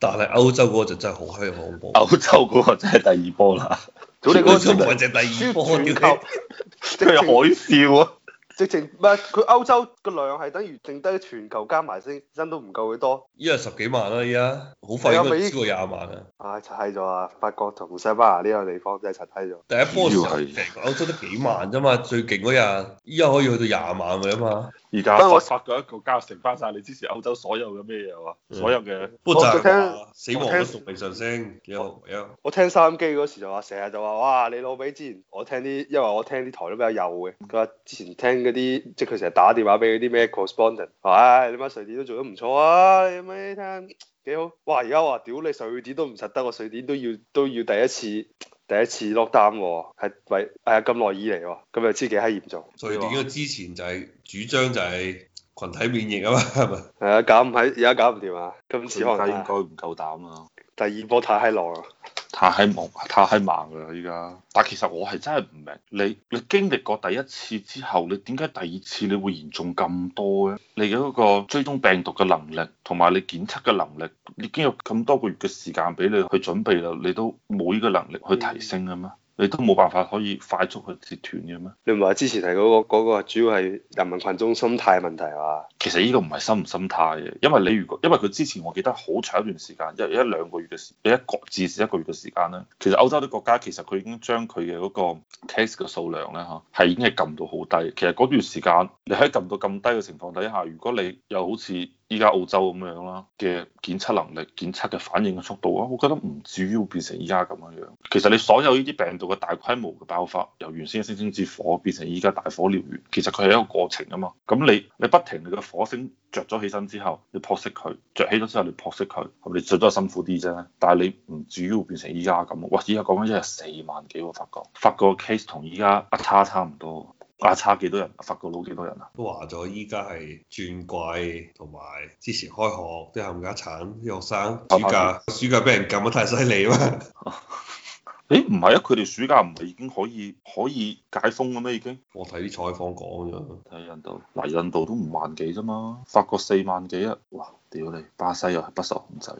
但係歐洲嗰個就真係好閪恐怖，歐洲嗰個真係第二波啦，嗰個就唔係第二波，叫佢係海嘯啊。直情唔係佢歐洲個量係等於剩低全球加埋先，真都唔夠佢多。依家十幾萬啦，依家好快已經超過廿萬啊，唉、哎，沉低咗啊！法國同西班牙呢兩個地方就係沉低咗。就是、第一波成個是歐洲都幾萬啫嘛，最勁嗰日，依家可以去到廿萬㗎嘛。而家我，我發覺一個加成翻曬，你支持歐洲所有嘅咩嘢話？所有嘅。我聽死亡都逐漸上升，幾好聽幾好。嗯、我聽收音機嗰時就話，成日就話哇，你老味之前我聽啲，因為我聽啲台都比較幼嘅，佢話之前聽。啲即係佢成日打電話俾嗰啲咩 correspondent，唉、哎，你乜瑞典都做得唔錯啊！你乜聽幾好？哇！而家話屌你瑞典都唔實得，我瑞典都要都要第一次第一次落單喎，係咪係啊？咁耐以嚟咁又知幾閪嚴重。瑞典之前就係主張就係群體免疫啊嘛，係啊，搞唔起，而家搞唔掂啊，今次可能應該唔夠膽啊。第二波太閪浪。太閪猛，太閪猛㗎喇！依家，但其實我係真係唔明你，你經歷過第一次之後，你點解第二次你會嚴重咁多嘅？你嘅嗰個追蹤病毒嘅能力，同埋你檢測嘅能力，你已經有咁多個月嘅時間俾你去準備啦，你都冇呢個能力去提升嘅咩？你都冇辦法可以快速去截斷嘅咩？你唔係話之前提嗰、嗰個嗰個主要係人民群眾心態問題係嘛？其實呢個唔係心唔心態嘅，因為你如果因為佢之前我記得好長一段時間，有一兩個月嘅時，有一個至少一個月嘅時,時間咧。其實歐洲啲國家其實佢已經將佢嘅嗰個 case 嘅數量咧嚇係已經係撳到好低。其實嗰段時間你喺撳到咁低嘅情況底下，如果你又好似依家澳洲咁樣啦嘅檢測能力、檢測嘅反應嘅速度，我覺得唔至於會變成依家咁樣樣。其實你所有呢啲病毒嘅大規模嘅爆發，由原先星星之火變成依家大火燎原，其實佢係一個過程啊嘛。咁你你不停你火星着咗起身之後，你撲熄佢；着起咗之後，你撲熄佢。係你着多辛苦啲啫？但係你唔至於變成依家咁。哇！依家講緊一日四萬幾喎，啊，法國法國 case 同依家阿差差唔多。阿差幾多人？法國佬幾多，多人啊？都話咗依家係轉季同埋之前開學啲冚家鏟啲學生暑假暑假俾人撳得太犀利啦。 誒，唔係啊，佢哋暑假唔係已經可以可以解封嘅咩？已經我睇啲採訪講咗，睇印度，嗱、啊、印度都唔萬幾啫嘛，法國四萬幾啊，哇，屌你，巴西又係不受控制，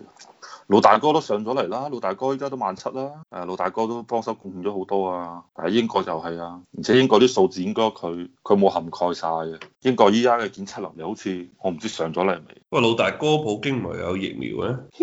老大哥都上咗嚟啦。老大哥依家都萬七啦，誒，老大哥都幫手貢獻咗好多啊，但係英國就係啊，而且英國啲數字應該佢佢冇涵蓋晒嘅，英國依家嘅檢測能力好似我唔知上咗嚟未。喂，老大哥普京咪有疫苗咧？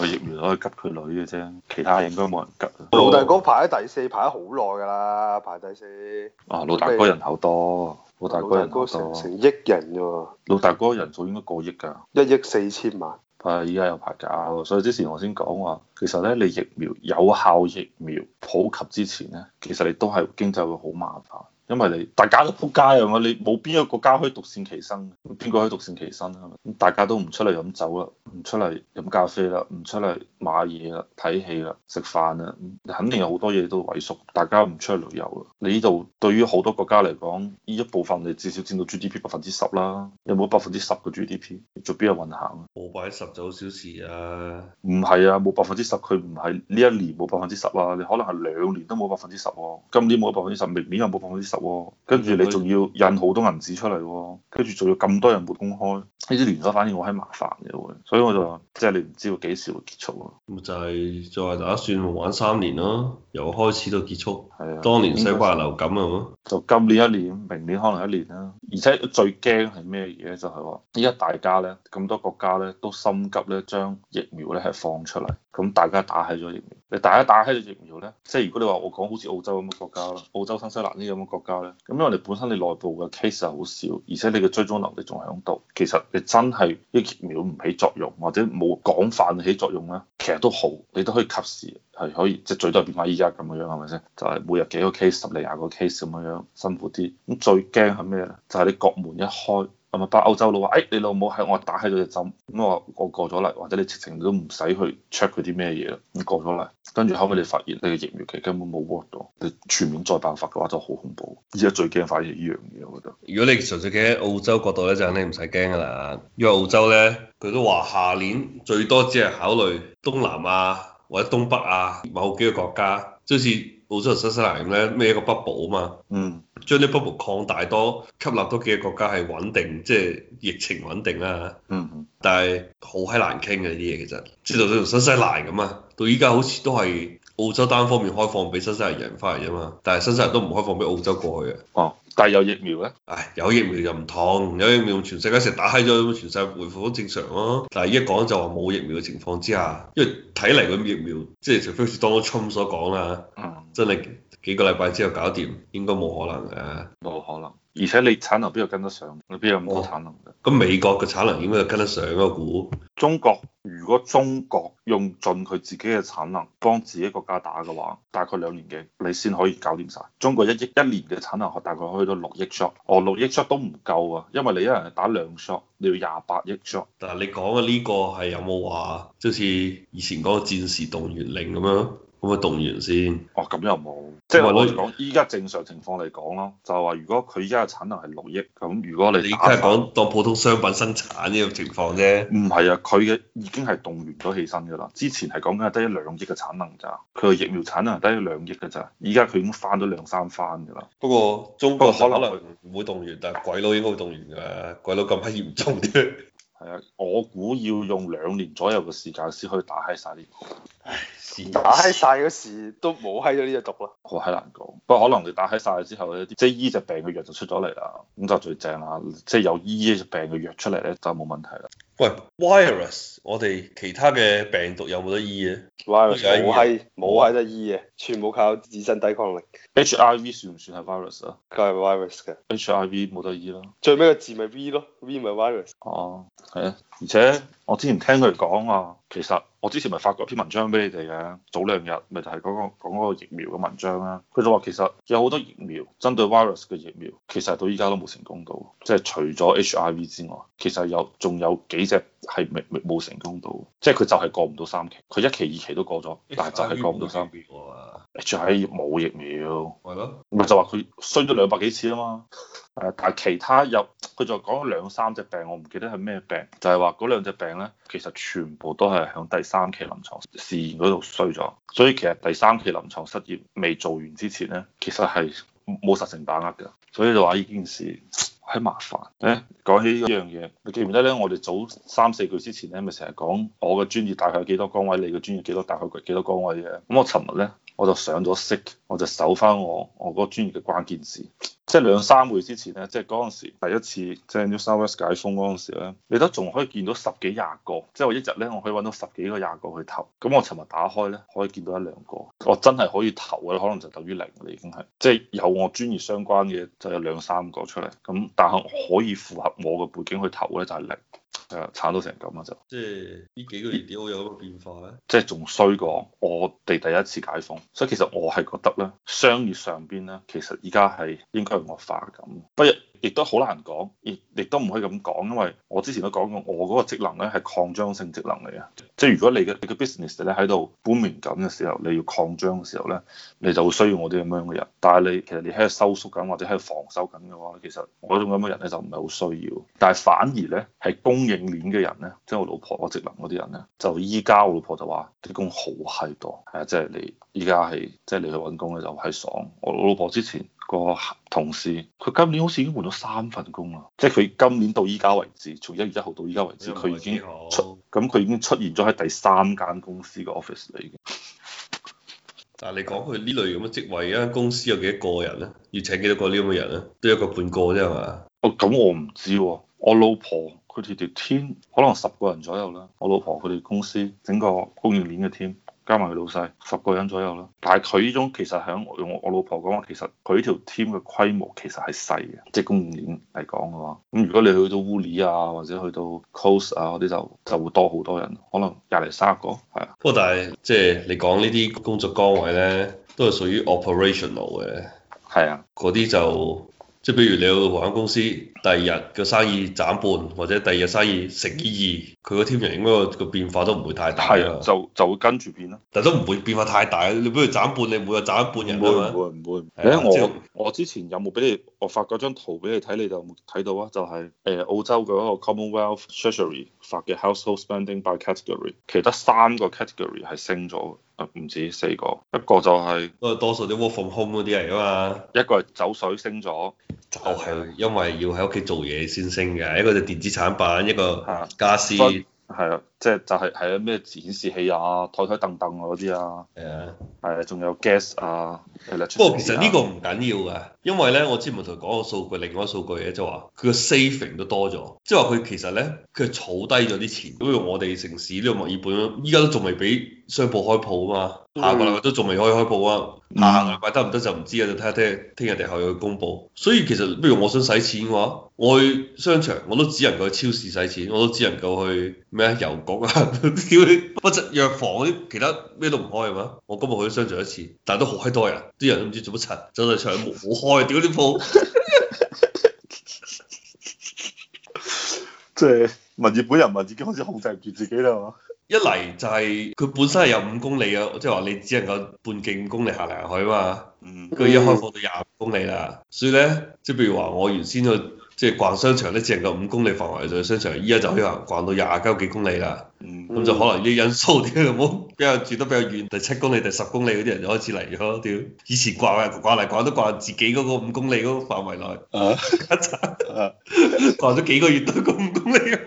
個疫苗可以急佢女嘅啫，其他應該冇人急。老大哥排喺第四，排咗好耐㗎啦，排第四。哦、啊，老大哥人口多，老大哥人口多。老大哥成成億人㗎喎。老大哥人數應該過億㗎。一億四千萬。係，依家有排㗎，所以之前我先講話，其實咧，你疫苗有效疫苗普及之前咧，其實你都係經濟會好麻煩。因為你大家都撲街啊，你冇邊一個國家可以獨善其身，邊個可以獨善其身？大家都唔出嚟飲酒啦，唔出嚟飲咖啡啦，唔出嚟。買嘢啦、睇戲啦、食飯啦，肯定有好多嘢都萎縮。大家唔出去旅遊啦。你呢度對於好多國家嚟講，呢一部分你至少佔到 GDP 百分之十啦。有冇百分之十嘅 GDP？做邊樣運行？冇百分之十就好小事啊。唔係啊，冇百分之十佢唔係呢一年冇百分之十啊。你可能係兩年都冇百分之十、啊。今年冇百分之十，明年又冇百分之十、啊。跟住你仲要印好多銀紙出嚟、啊，跟住仲要咁多人冇工開，呢啲連鎖反應我係麻煩嘅會。所以我就話即係、就是、你唔知道幾時會結束。咪就係再打算玩三年咯，由開始到結束。係啊的，當年西班牙流感係咪？就今年一年，明年可能一年啦。而且最驚係咩嘢？就係話依家大家咧，咁多國家咧，都心急咧，將疫苗咧係放出嚟。咁大家打起咗疫苗，你大家打起咗疫苗咧，即係如果你話我講好似澳洲咁嘅國家啦，澳洲新西蘭呢啲咁嘅國家咧，咁因為你本身你內部嘅 case 係好少，而且你嘅追蹤能力仲喺度，其實你真係疫苗唔起作用或者冇廣泛起作用咧，其實都好，你都可以及時係可以，即係最多係變翻依家咁樣樣係咪先？就係每日幾個 case 十零廿個 case 咁樣樣，辛苦啲。咁最驚係咩咧？就係你國門一開。係咪北歐洲佬話？誒、哎，你老母喺我打喺到隻針，咁我我過咗嚟，或者你直情都唔使去 check 佢啲咩嘢啦，咁過咗嚟，跟住後屘你發現你嘅疫苗期根本冇 work 到，你全面再爆發嘅話就好恐怖，依家最驚反而依樣嘢，我覺得。如果你純粹企喺澳洲角度咧，就肯定唔使驚㗎啦，因為澳洲咧佢都話下年最多只係考慮東南亞或者東北亞某幾個國家，即係好似。澳洲新西蘭咧，咩一個北部 b 啊嘛，嗯，將啲北部 b 擴大多，吸納多幾隻國家係穩定，即係疫情穩定啦、啊嗯，嗯，但係好閪難傾嘅呢啲嘢其實。知道好同新西蘭咁啊，到依家好似都係澳洲單方面開放俾新西蘭人翻嚟啫嘛，但係新西蘭都唔開放俾澳洲過去啊。哦，但係有疫苗咧？唉，有疫苗就唔同，有疫苗全世界成日打閪咗，咁全世界回復翻正常咯、啊。但係一講就話冇疫苗嘅情況之下，因為睇嚟嗰啲疫苗，即係除非當咗 t 所講啦。嗯即你幾個禮拜之後搞掂，應該冇可能嘅。冇可能，而且你產能邊度跟得上？你邊有咁多產能㗎？咁、哦、美國嘅產能應該就跟得上咯，估。中國如果中國用盡佢自己嘅產能幫自己國家打嘅話，大概兩年幾你先可以搞掂晒。中國一億一年嘅產能大概去到六億 shot，哦六億 shot 都唔夠啊，因為你一人打兩 shot，你要廿八億 shot。但你講嘅呢個係有冇話，即好似以前嗰個戰時動員令咁樣？咁啊動員先，哦，咁又冇，即係我哋講依家正常情況嚟講咯，就係話如果佢依家嘅產能係六億，咁如果你你即係講當普通商品生產呢個情況啫，唔係啊，佢嘅已經係動員咗起身㗎啦，之前係講緊係低一兩億嘅產能咋，佢嘅疫苗產能低一兩億㗎咋，而家佢已經翻咗兩三番㗎啦。不過中國可能唔會動員，但係鬼佬應該會動員㗎，鬼佬咁係嚴重啲。係啊，我估要用兩年左右嘅時間先可以打開晒呢個，唉試試打開晒嗰時都冇喺咗呢隻毒啦。好閪 難講，不過可能你打開晒之後咧，即係醫隻病嘅藥就出咗嚟啦，咁就最正啦，即係有醫呢隻病嘅藥出嚟咧就冇問題啦。喂，virus。我哋其他嘅病毒有冇得醫嘅？Virus 冇係冇係得醫嘅，全部靠自身抵抗力。H I V 算唔算係 virus 啊？佢係 virus 嘅。H I V 冇得醫咯。最尾個字咪 V 咯，V 咪 virus。哦，係啊。而且我之前聽佢講啊，其實我之前咪發過篇文章俾你哋嘅，早兩日咪就係講個講嗰個疫苗嘅文章啦、啊。佢就話其實有好多疫苗針對 virus 嘅疫苗，其實到依家都冇成功到，即係除咗 H I V 之外，其實有仲有幾隻係冇成功到，即係佢就係過唔到三期，佢一期二期都過咗，但係就係過唔到三期。期啊。蝦， 冇疫苗。係咯，咪 就話佢衰咗兩百幾次啊嘛。誒，但係其他又，佢就講咗兩三隻病，我唔記得係咩病，就係話嗰兩隻病咧，其實全部都係喺第三期臨床試驗嗰度衰咗，所以其實第三期臨床失業未做完之前咧臨床實驗，其實係冇實成把握㗎，所以就話呢件事。係麻煩，誒、這個，講起呢樣嘢，你記唔記得咧？我哋早三四個月之前咧，咪成日講我嘅專業大概有幾多崗位，你嘅專業幾多大概幾多崗位嘅。咁我尋日咧，我就上咗識，我就搜翻我我嗰個專業嘅關鍵字。即係兩三個月之前咧，即係嗰陣時第一次即係 New South Wales 解封嗰陣時咧，你都仲可以見到十幾廿個，即係我一日咧，我可以揾到十幾個廿個去投。咁我尋日打開咧，可以見到一兩個，我真係可以投嘅，可能就等於零，你已經係，即係有我專業相關嘅就有兩三個出嚟。咁但係可以符合我嘅背景去投咧就係零。係啊，撐到成咁啊就。即係呢幾個年點會有個變化咧？即係仲衰過我哋第一次解封，所以其實我係覺得咧，商業上邊咧，其實而家係應該係惡化緊。不一亦都好難講，亦亦都唔可以咁講，因為我之前都講過，我嗰個職能咧係擴張性職能嚟啊，即係如果你嘅你嘅 business 咧喺度 booming 緊嘅時候，你要擴張嘅時候咧，你就會需要我啲咁樣嘅人。但係你其實你喺度收縮緊或者喺度防守緊嘅話，其實我種咁嘅人咧就唔係好需要。但係反而咧係供應鏈嘅人咧，即係我老婆我職能嗰啲人咧，就依家我老婆就話啲工好閪多，係啊，即係你依家係即係你去揾工咧就係爽。我老婆之前。個同事，佢今年好似已經換咗三份工啦，即係佢今年到依家為止，從一月一號到依家為止，佢已經出，咁佢已經出現咗喺第三間公司嘅 office 啦，已、嗯、但嗱，你講佢呢類咁嘅職位，一間公司有幾多個人咧？要請幾多個呢咁嘅人咧？得一個半個啫嘛。哦，咁我唔知喎、啊，我老婆佢哋條 team 可能十個人左右啦，我老婆佢哋公司整個供應鏈嘅 team。加埋佢老細，十個人左右咯。但係佢呢種其實喺用我老婆講話，其實佢呢條 team 嘅規模其實係細嘅，即係公務員嚟講嘅話。咁如果你去到 Willy 啊，或者去到 Close 啊嗰啲，就就會多好多人，可能廿零三十個係啊。不過但係即係你講呢啲工作崗位咧，都係屬於 operational 嘅，係啊的，嗰啲就。即係比如你去保險公司第二日嘅生意斬半，或者第二日生意乘以二，佢個天平應該個變化都唔會太大啊。係，就就會跟住變啦，但係都唔會變化太大。你不如斬半，你每日斬一半人㗎唔會唔會唔會、欸、我後之後我之前有冇俾你？我發嗰張圖俾你睇，你就睇到啊？就係、是、誒澳洲嘅一個 Commonwealth Treasury 發嘅 Household Spending by Category，其得三個 category 係升咗。唔止四個，一個就係，不過多數啲 Work From Home 嗰啲嚟啊嘛，一個係酒水升咗，就係因為要喺屋企做嘢先升嘅，一個就電子產品，啊、一個家私。係啊。即係就係係啊咩展示器啊台台凳凳啊嗰啲啊係啊啊仲有 gas 啊不過其實呢個唔緊要㗎，嗯、因為咧我之前咪同佢講個數據，另外一個數據咧就話佢個 saving 都多咗，即係話佢其實咧佢儲低咗啲錢。不如我哋城市呢個墨爾本，依家都仲未俾商鋪開鋪啊嘛，下個禮拜都仲未可以開鋪啊，嗯、下個禮拜得唔得就唔知啊，就睇下聽日聽日定後日公佈。所以其實譬如我想使錢嘅話，我去商場我都只能夠去超市使錢，我都只能夠去咩啊遊。叫啲幫襯藥房啲其他咩都唔開係嘛？我今日去咗相聚一次，但係都好閪多人，啲人都唔知做乜柒，走到唱舞，好開屌啲鋪，即係文字本人文字，自己開始控制唔住自己啦嘛。 一嚟就係佢本身係有五公里啊，即係話你只能夠半徑五公里行嚟行去啊嘛。佢 一開放到廿公里啦，所以咧即係譬如話我原先去。即係逛商場咧，只係個五公里範圍就嘅商場。依家就、嗯、就可能逛到廿幾公里啦，咁就可能啲因素啲，冇因為住得比較遠，第七公里、第十公里嗰啲人就開始嚟咗。屌，以前逛逛嚟逛都逛，逛，逛自己嗰個五公里嗰個範圍內，啊、 逛咗幾個月都係個五公里咁。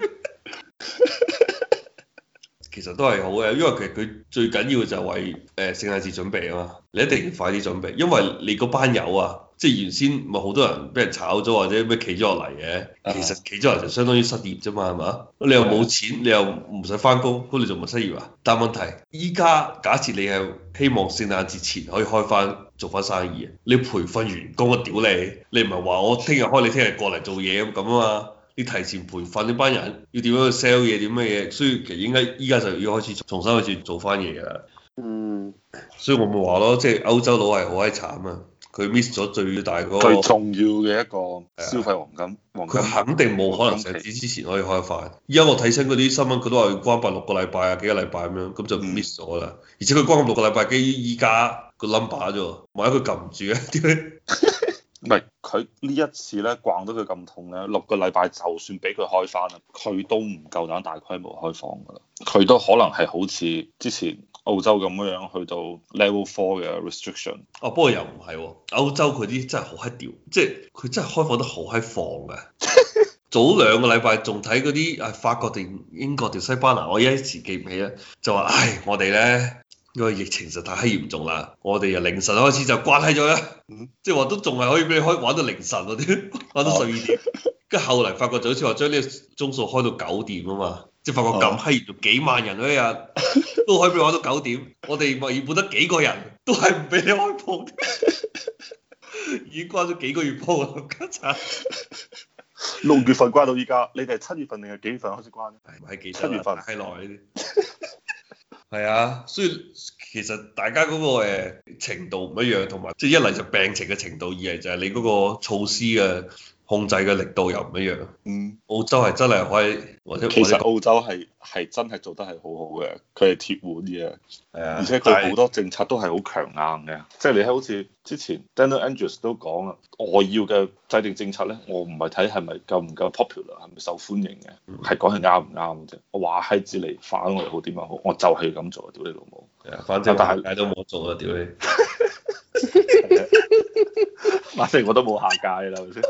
其實都係好嘅，因為其實佢最緊要就係為誒聖誕節準備啊嘛，你一定要快啲準備，因為你嗰班友啊。即係原先咪好多人俾人炒咗或者咩企咗落嚟嘅，其實企咗落嚟就相當於失業啫嘛，係嘛？你又冇錢，你又唔使翻工，咁你仲咪失業啊？但係問題，依家假設你係希望聖誕節前可以開翻做翻生意，你培訓員工，我屌你，你唔係話我聽日開，你聽日過嚟做嘢咁啊嘛？你提前培訓呢班人，要點樣去 sell 嘢，點乜嘢，所以其實應該依家就要開始重新開始做翻嘢㗎啦。嗯。所以我咪話咯，即係歐洲佬係好閪慘啊！佢 miss 咗最大嗰個，最重要嘅一個消費黃金。佢的金肯定冇可能成子之前可以開翻。依家我睇清嗰啲新聞，佢都話要關八六個禮拜啊，幾個禮拜咁樣，咁就 miss 咗啦。而且佢關六個禮拜，基依家個 number 啫喎，萬一佢撳唔住咧，點 解？ 唔係佢呢一次咧，逛到佢咁痛咧，六個禮拜就算俾佢開翻啦，佢都唔夠膽大規模開放噶啦。佢都可能係好似之前，澳洲咁樣去到 level four 嘅 restriction。哦、啊，不過又唔係、啊，歐洲佢啲真係好閪屌，即係佢真係開放得好閪放嘅。早兩個禮拜仲睇嗰啲誒法國定英國定西班牙，我一時記唔起啦，就話唉，我哋咧因為疫情實太閪嚴重啦，我哋由凌晨開始就關起咗啦，即係話都仲係可以俾你開玩到凌晨嗰啲，玩到十二點。跟 後嚟發覺就好似話將呢個鐘數開到九點啊嘛。即係發覺咁閪熱，幾萬人一日 都可以俾我到九點，我哋默然本得幾個人都係唔俾你開鋪， 已經關咗幾個月鋪啦， 六月份關到依家，你哋係七月份定係幾月份開始關？係、哎、七月份，係耐啲。係 啊，所以其實大家嗰個誒程度唔一樣，同埋即係一嚟就病情嘅程度，二嚟就係你嗰個措施啊。控制嘅力度又唔一樣，嗯，澳洲係真係可以，或者其實澳洲係係真係做得係好好嘅，佢係鐵腕嘅，係啊，而且佢好是多政策都係好強硬嘅，即係你喺好似之前 Daniel Andrews 都講啦，我要嘅制定政策咧，我唔係睇係咪夠唔夠 popular，係咪受歡迎嘅，係講係啱唔啱嘅啫，我話閪住嚟反我哋好點樣好，我就係咁做啊，屌你老母，反正大家都冇得做啊，屌你，反正我都冇下屆啦，係咪先？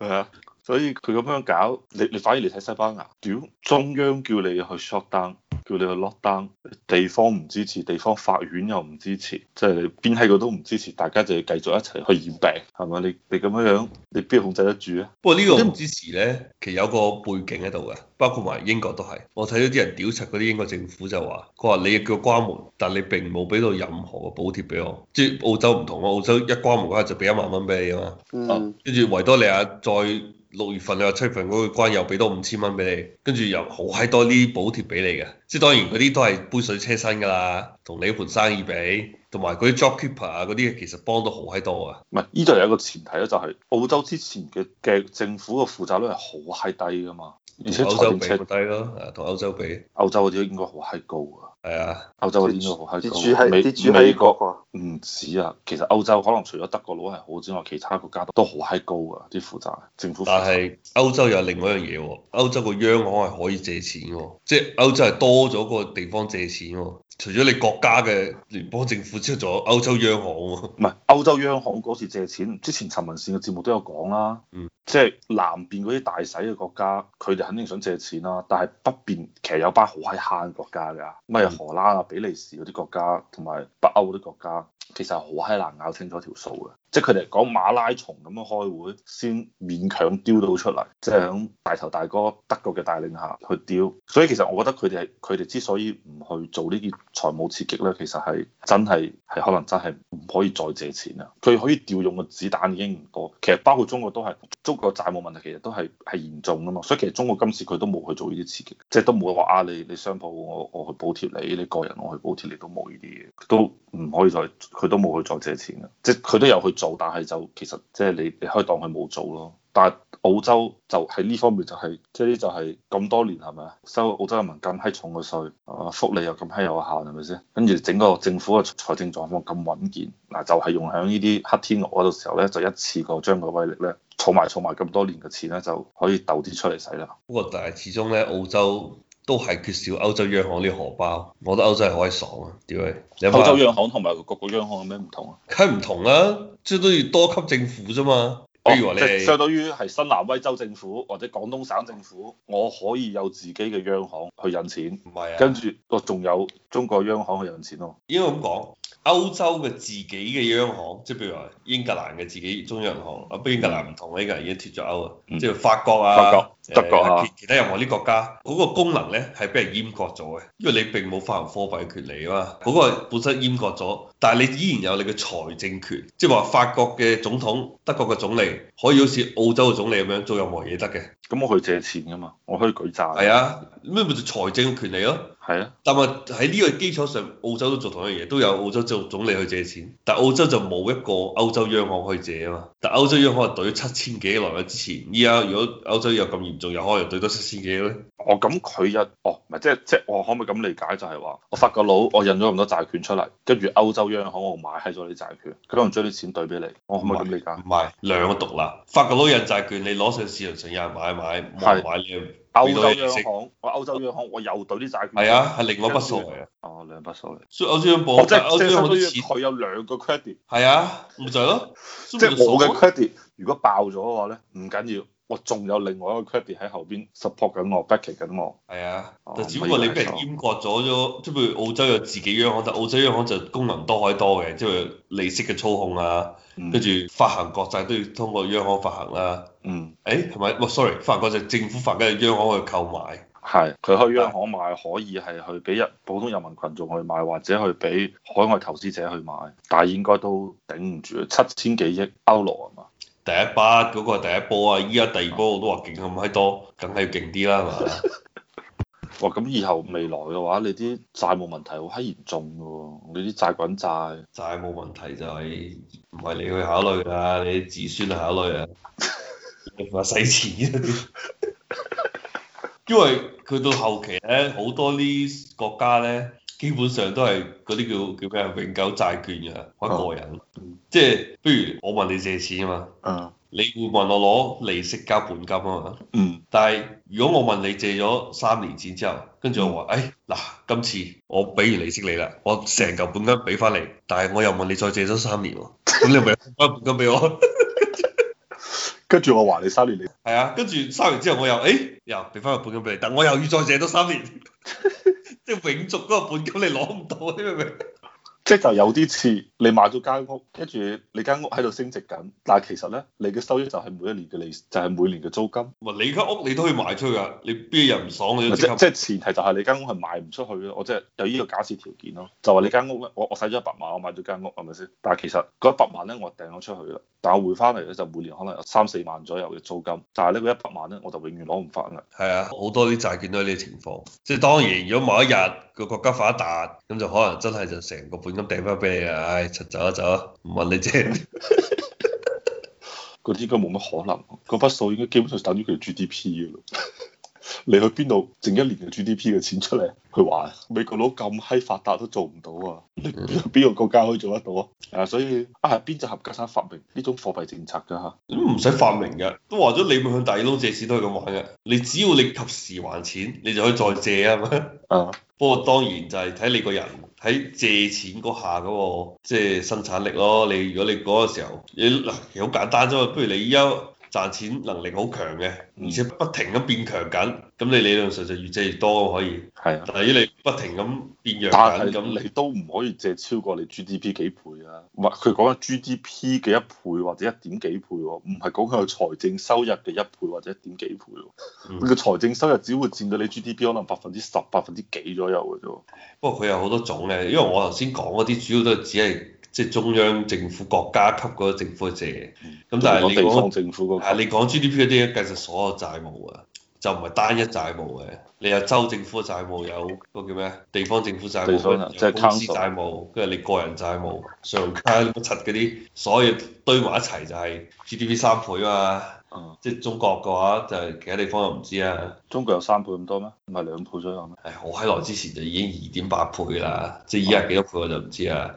係啊，uh, 所以佢咁樣搞，你你反而嚟睇西班牙，屌中央叫你去 shut down 叫你去 lock down，地方唔支持，地方法院又唔支持，即係邊喺個都唔支持，大家就要繼續一齊去染病，係嘛？你你咁樣，你邊控制得住啊？不過呢個唔支持咧，其實有個背景喺度嘅，包括埋英國都係。我睇到啲人屌柒嗰啲英國政府就話，佢話你叫關門，但係你並冇俾到任何嘅補貼俾我。即係澳洲唔同，澳洲一關門嗰下就俾一萬蚊俾你啊嘛。嗯。跟住維多利亞再。六月份你話七月份嗰個關又俾多五千蚊俾你，跟住又好閪多呢啲補貼俾你嘅，即係當然嗰啲都係杯水車薪㗎啦，同你盤生意比，同埋嗰啲 jobkeeper 啊嗰啲其實幫到好閪多啊。唔係，依度有一個前提咯、就是，就係澳洲之前嘅嘅政府嘅負債率係好閪低㗎嘛，而且同歐洲比低咯，同歐洲比，歐洲嗰啲應該好閪高啊。係啊，歐洲嗰啲都好閪高，美美國唔止啊，其實歐洲可能除咗德國佬係好之外，其他國家都都好閪高噶啲負債，政府。但係歐洲有另外一樣嘢，歐洲個央行係可以借錢嘅，即係歐洲係多咗個地方借錢，除咗你國家嘅聯邦政府之外，仲有歐洲央行。唔係歐洲央行嗰時借錢，之前陳文善嘅節目都有講啦、啊，嗯，即係南邊嗰啲大洗嘅國家，佢哋肯定想借錢啦、啊，但係北邊其實有班好閪慳嘅國家噶，咪。荷蘭啊、比利時嗰啲國家，同埋北歐嗰啲國家。其實好閪難搞清楚條數嘅，即係佢哋講馬拉松咁樣開會，先勉強丟到出嚟，即係喺大頭大哥德國嘅帶領下去丟。所以其實我覺得佢哋係佢哋之所以唔去做呢件財務刺激咧，其實係真係係可能真係唔可以再借錢啦。佢可以調用嘅子彈已經唔多。其實包括中國都係，中國嘅債務問題其實都係係嚴重㗎嘛。所以其實中國今次佢都冇去做呢啲刺激，即係都冇話啊你你商鋪我我去補貼你，你個人我去補貼你都冇呢啲嘢，都唔可以再。佢都冇去再借錢啊！即係佢都有去做，但係就其實即係你你可以當佢冇做咯。但係澳洲就喺呢方面就係，即係就係咁多年係咪啊？收澳洲人民咁閪重嘅稅，啊福利又咁閪有效，係咪先？跟住整個政府嘅財政狀況咁穩健，嗱就係用喺呢啲黑天鵝嗰度時候咧，就一次過將個威力咧儲埋儲埋咁多年嘅錢咧，就可以竇啲出嚟使啦。不過但係始終咧，澳洲。都係缺少歐洲央行啲荷包，我覺得歐洲係好閪爽啊！點解？歐洲央行同埋個個央行有咩唔同，同啊？梗唔同啦，即係都要多級政府啫嘛。比如話你，哦，相當於係新南威州政府或者廣東省政府，我可以有自己嘅央行去印錢。唔係啊，跟住我仲有中國央行去印錢咯。應該咁講。歐洲嘅自己嘅央行，即係譬如話英格蘭嘅自己中央銀行，啊，不過英格蘭唔同啊，呢個已經脫咗歐啊，嗯、即係法國啊、法國、德國啊、其其，其他任何啲國家，嗰、那個功能咧係俾人閹割咗嘅，因為你並冇發行貨幣嘅權利啊嘛，嗰、那個本身閹割咗，但係你依然有你嘅財政權，即係話法國嘅總統、德國嘅總理可以好似澳洲嘅總理咁樣做任何嘢得嘅，咁、嗯、我去借錢噶嘛，我可以舉債，係啊，咩叫做財政嘅權利咯、啊？係咯，但係喺呢個基礎上，澳洲都做同一樣嘢，都有澳洲做總理去借錢，但澳洲就冇一個歐洲央行可以借啊嘛。但歐洲央行兌七千幾來嘅之前，依家如果歐洲又咁嚴重，又可能兌多七千幾咧。哦，咁佢一，哦、就是，唔係即係即係我可唔可以咁理解就係話，我法國佬我印咗咁多債券出嚟，跟住歐洲央行我買喺咗啲債券，佢可能將啲錢兌俾你，我可唔可以咁理解？唔係，兩個獨立。法國佬印債券，你攞上市場成日人買買，冇人買，買, 5, 000, 買歐洲央行，我歐洲央行，我又懟啲債券，係啊，係另外一筆數嚟嘅，哦，兩筆數嚟，所以歐洲冇，即係歐洲，歐洲有啲，佢有兩個 credit，係啊，咪就係咯，啊、即係我嘅 credit 如果爆咗嘅話咧，唔緊要，我仲有另外一個 credit 喺後邊 support 緊我 back 緊我，係啊，就、哦、只不過你俾人閹割咗咗，即譬如澳洲有自己央行，但澳洲央行就功能多開多嘅，即、就、係、是、利息嘅操控啊，跟住、嗯、發行國債都要通過央行發行啦、啊。嗯，誒係咪？唔、oh, sorry 法國政府發嘅央行去購買，係佢開央行買，是可以係去俾日普通人民群眾去買，或者去俾海外投資者去買，但係應該都頂唔住七千幾億歐羅係嘛？第一筆嗰、嗰個第一波啊，依家第二波我都話勁咁閪多，梗係要勁啲啦係嘛？ 哇！咁以後未來嘅話，你啲債務問題好閪嚴重嘅喎，你啲債滾債，債務問題就係唔係你去考慮啊，你啲子孫去考慮啊。 話使錢，因為佢到後期咧，好多啲國家咧，基本上都係嗰啲叫叫咩永久債券可一個人，嗯、即係，不如我問你借錢啊嘛，嗯，你會問我攞利息交本金啊嘛，嗯，但係如果我問你借咗三年錢之後，跟住我話，誒、嗯，嗱，今次我俾完利息你啦，我成嚿本金俾翻你，但係我又問你再借咗三年，咁、嗯、你咪攞翻本金俾我。跟住我話你三年，你係啊，跟住三年之後我又，哎、欸，又俾翻個本金俾你，但我又要再借多三年，即係 永續嗰個本金你攞唔到，啊？你明唔明？即係就有啲似你買咗間屋，跟住你間屋喺度升值緊，但係其實咧，你嘅收益就係每一年嘅利息，就係、是、每年嘅租金。你間屋你都可以賣出去噶，你邊有人唔爽嘅？即即係前提就係你間屋係賣唔出去嘅。我即係有呢個假設條件咯，就話你間屋我我使咗一百萬，我買咗間屋係咪先？但係其實嗰一百萬咧，我掟咗出去啦，但係我換翻嚟咧就每年可能有三四萬左右嘅租金，但係呢個一百萬咧我就永遠攞唔翻啦。係啊，好多啲債券都係呢啲情況。即係當然，如果某一日，個國家發達，咁就可能真係就成個本金掟翻俾你啊！唉，走一、啊、走啊，唔問你啫。嗰啲應該冇乜可能，嗰筆數應該基本上等於佢 GDP 咯。 你去邊度整一年嘅 GDP 嘅錢出嚟去還？美國佬咁閪發達都做唔到啊！你邊個國家可以做得到啊？啊，所以啊係邊隻合格生發明呢種貨幣政策噶吓？唔使、嗯、發明嘅，都話咗你會向大佬借錢都係咁玩嘅。你只要你及時還錢，你就可以再借啊嘛。啊、嗯！不過當然就係睇你個人喺借錢嗰下嗰個即係生產力咯。你如果你嗰個時候你嗱，好簡單啫嘛。不如你而家。賺錢能力好強嘅，而且、嗯、不停咁變強緊，咁你理論上就越借越多可以。係、啊。但係你不停咁變弱緊，咁你都唔可以借超過你 GDP 幾倍啊？唔係佢講緊 GDP 嘅一倍或者一點幾倍、啊，唔係講佢財政收入嘅一倍或者一點幾倍、啊。佢嘅、嗯、財政收入只會佔到你 GDP 可能百分之十、百分之幾左右嘅、啊、啫。嗯、不過佢有好多種嘅，因為我頭先講嗰啲主要都係只係。即係中央政府國家級嗰啲政府借，咁但係你講政府嗰，係你講 GDP 嗰啲其實所有債務啊，就唔係單一債務嘅。你有州政府嘅債務，有個叫咩？地方政府債務，有公司債務，跟住你個人債務，上加七嗰啲，所有堆埋一齊就係 GDP 三倍啊嘛。即係中國嘅話，就其他地方又唔知啊。中國有三倍咁多咩？唔係兩倍左右咩？我喺來之前就已經二點八倍啦，即係依家幾多倍我就唔知啊。